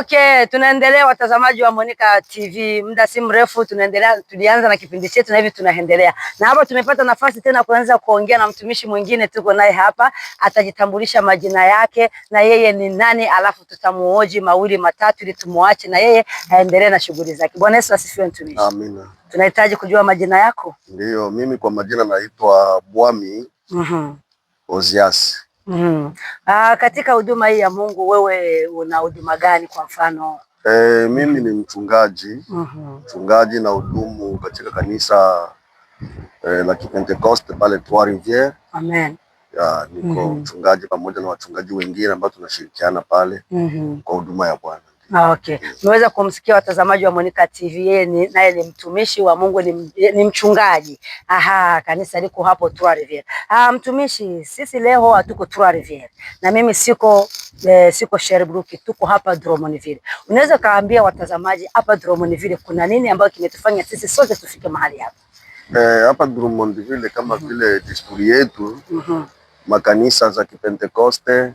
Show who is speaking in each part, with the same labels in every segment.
Speaker 1: Okay, tunaendelea watazamaji wa Monica TV. Muda si mrefu tunaendelea, tulianza na kipindi chetu na hivi tunaendelea. Na hapa tumepata nafasi tena kuanza kuongea na mtumishi mwingine tuko naye hapa, atajitambulisha majina yake na yeye ni nani, alafu tutamuoji mawili matatu ili tumuache na yeye aendelee na shughuli zake. Bwana Yesu asifiwe mtumishi. Amina. Tunahitaji kujua majina yako?
Speaker 2: Ndiyo, mimi kwa majina naitwa Bwami. Mhm. Mm Oziasi.
Speaker 1: Mm. Ah, katika huduma hii ya Mungu wewe una huduma gani kwa mfano?
Speaker 2: E, mimi ni mchungaji mm -hmm. Mchungaji na hudumu katika kanisa e, la Kipentekoste pale Trois Rivières. Amen. Ya, niko mm -hmm. mchungaji pamoja na wachungaji wengine ambao tunashirikiana pale mm -hmm. kwa huduma ya Bwana.
Speaker 1: Ah, okay. Tumeweza kumsikia watazamaji wa Monica TV, yeye naye ni mtumishi wa Mungu, ni, ni mchungaji. Aha, kanisa liko hapo Trois Rivieres. Ah, mtumishi, sisi leo hatuko Trois Rivieres. Na mimi siko eh, siko Sherbrooke, tuko hapa Drummondville. Unaweza kaambia watazamaji hapa Drummondville kuna nini ambayo kimetufanya sisi sote tufike mahali hapa?
Speaker 2: Eh, hapa Drummondville kama vile mm -hmm. desturi yetu mm -hmm. makanisa za Kipentekoste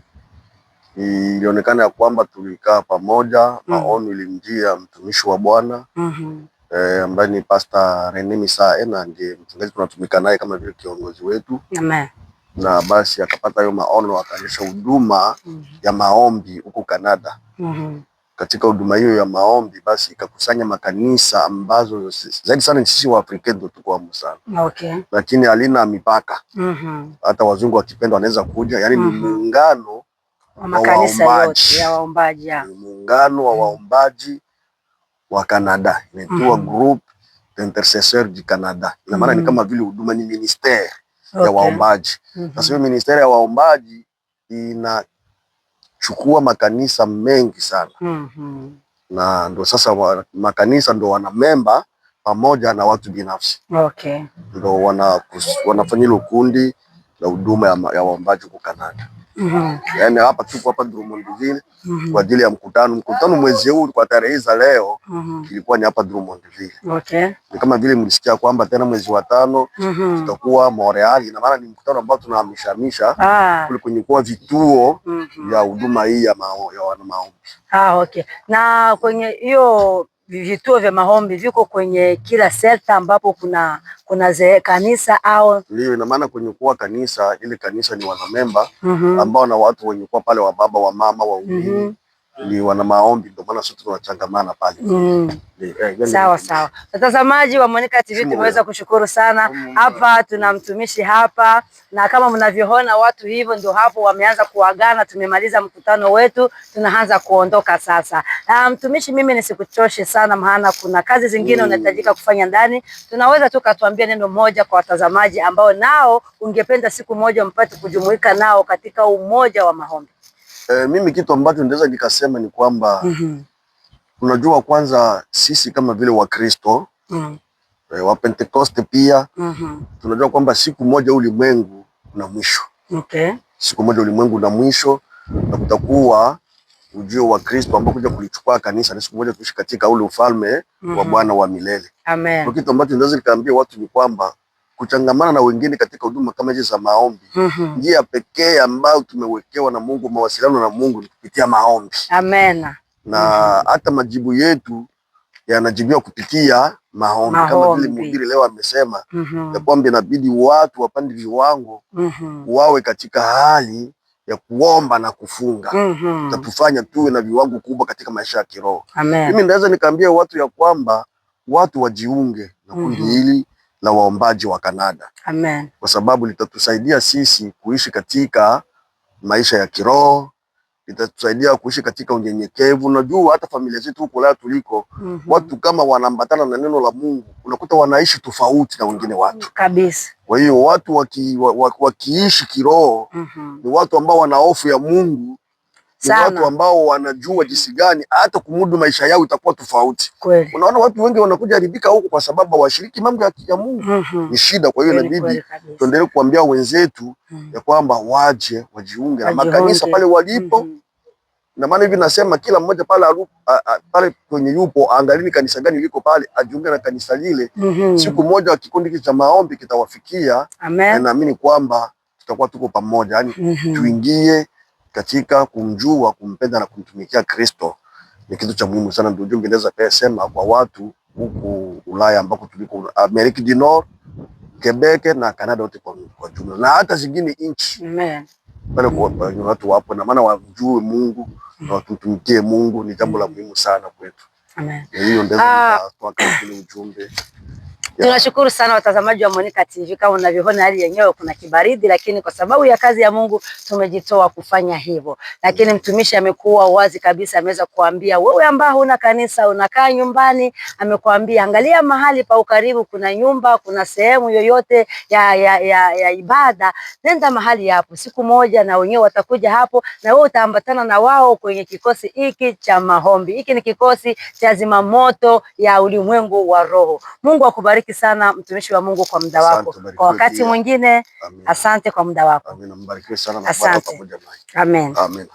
Speaker 2: ilionekana ya kwamba tulikaa pamoja, mm. maono ilimjia mtumishi wa Bwana
Speaker 1: mm -hmm.
Speaker 2: e, ambaye ni Pastor Rene Misae na ndiye mchungaji tunatumika naye kama vile kiongozi wetu Amen. na basi akapata hayo maono, akaonyesha huduma mm -hmm. ya maombi huko Kanada mm -hmm. Katika huduma hiyo ya maombi basi ikakusanya makanisa ambazo zaidi sana sisi Afrika ndio hapo sana okay. Lakini alina mipaka
Speaker 1: mm -hmm.
Speaker 2: Hata wazungu wakipenda wanaweza kuja, yani ni mm -hmm. muungano
Speaker 1: wa makanisa waombaji
Speaker 2: muungano wa mm. waombaji wa Canada inaitwa mm. Group Intercesseur du Canada. Ina maana mm. ni kama vile huduma ni ministere okay. ya waombaji mm sasa hiyo -hmm. ministere ya waombaji inachukua makanisa mengi sana mm -hmm. na ndo sasa wa, makanisa ndo wana memba pamoja na watu binafsi okay. ndo wanafanya wana kundi la huduma ya, ya waombaji huko Canada mm -hmm. Yani hapa tuko hapa Drummond Ville mm -hmm. kwa ajili ya mkutano. Mkutano mwezi huu kwa tarehe za leo mm -hmm. ilikuwa ni hapa Drummond Ville. Okay. Ni kama vile mlisikia kwamba tena mwezi wa tano mm -hmm. tutakuwa Montreal, ina maana ni mkutano ambao tunahamishamisha ah. kule kwenye kwa vituo mm -hmm. ya huduma hii ya, mao, ya wana maombi ah, okay. na kwenye hiyo vituo vya maombi viko kwenye kila sekta ambapo kuna kuna ze, kanisa au ndio. Ina maana kwenye kuwa kanisa, ili kanisa ni wanamemba mm -hmm. ambao na watu wenye kuwa pale, wa baba wa mama wa mhm. umini mm ni wana maombi, ndio maana sisi tunachangamana pale mm. Eh, sawa sawa. Watazamaji wa Monica TV tumeweza kushukuru sana hapa, tuna mtumishi hapa na kama mnavyoona watu hivyo ndio hapo wameanza kuagana. Tumemaliza mkutano wetu, tunaanza kuondoka sasa. Na mtumishi, mimi nisikuchoshe sana, maana kuna kazi zingine mm. unahitajika kufanya ndani. Tunaweza tu katuambia neno moja kwa watazamaji ambao nao ungependa siku moja mpate kujumuika nao katika umoja wa maombi. E, mimi kitu ambacho ndaweza nikasema ni kwamba mm -hmm. Unajua, kwanza sisi kama vile Wakristo mm -hmm. e, wa Pentekoste pia mm -hmm. tunajua kwamba siku moja ulimwengu una mwisho okay. Siku moja ulimwengu una mwisho na kutakuwa ujio wa Kristo ambao kuja kulichukua kanisa na siku moja tuishi katika ule ufalme mm -hmm. wa mhm. Bwana wa milele. Amen. Kitu ambacho ndaweza nikaambia watu ni kwamba kuchangamana na wengine katika huduma kama hizi za maombi. mm -hmm. Njia pekee ambayo tumewekewa na Mungu, mawasiliano na Mungu ni kupitia maombi. Amen. Na mm hata -hmm. majibu yetu yanajibiwa kupitia maombi, maombi. Kama vile mhubiri leo amesema mm -hmm. ya kwamba inabidi watu wapande viwango mm -hmm. wawe katika hali ya kuomba na kufunga mm -hmm. tatufanya tuwe na viwango kubwa katika maisha ya kiroho. Mimi naweza nikaambia watu ya kwamba watu wajiunge na kundi mm -hmm na waombaji wa Kanada. Amen. Kwa sababu litatusaidia sisi kuishi katika maisha ya kiroho, litatusaidia kuishi katika unyenyekevu. Unajua hata familia zetu huko leo tuliko mm -hmm. watu kama wanaambatana na neno la Mungu unakuta wanaishi tofauti na wengine watu kabisa. Kwa hiyo watu wakiishi waki, waki kiroho mm -hmm. ni watu ambao wana hofu ya Mungu ni watu ambao wanajua jinsi gani hata kumudu maisha yao itakuwa tofauti. Unaona, watu wengi wanakuja haribika huko kwa sababu washiriki mambo ya Mungu mm -hmm. ni shida. Kwa hiyo inabidi tuendelee kuambia wenzetu mm. ya kwamba waje wajiunge na makanisa pale walipo mm -hmm. Na maana hivi nasema kila mmoja pale pale kwenye yupo angalini kanisa gani liko pale, ajiunge na kanisa lile mm -hmm. Siku moja kikundi cha maombi kitawafikia, na naamini kwamba tutakuwa tuko pamoja, yani mm -hmm. tuingie katika kumjua, kumpenda na kumtumikia Kristo ni kitu cha muhimu sana. Ndio ujumbe naweza kusema kwa watu huku Ulaya ambako tuliko Amerika du Nord, Quebec na Canada wote kwa, kwa jumla na hata zingine nchi pale kwa watu wapo na maana wamjue Mungu na watumtumikie Mungu ni jambo la muhimu sana kwetu. Amen. Hiyo ndio ah. ndio ujumbe Tunashukuru sana watazamaji wa Monica TV, kama unavyoona hali yenyewe kuna kibaridi, lakini kwa sababu ya kazi ya Mungu tumejitoa kufanya hivyo. Lakini mtumishi amekuwa wazi kabisa, ameweza kuambia wewe ambao huna kanisa, unakaa nyumbani, amekuambia angalia mahali pa ukaribu, kuna nyumba, kuna sehemu yoyote ya, ya, ya, ya ibada, nenda mahali hapo siku moja, na wenyewe watakuja hapo, na wewe utaambatana na wao kwenye kikosi hiki cha maombi. Hiki ni kikosi cha zimamoto ya ulimwengu wa roho. Mungu akubariki kubariki sana mtumishi wa Mungu kwa muda wako, kwa wakati mwingine. Asante kwa muda wako. Amen. Amen.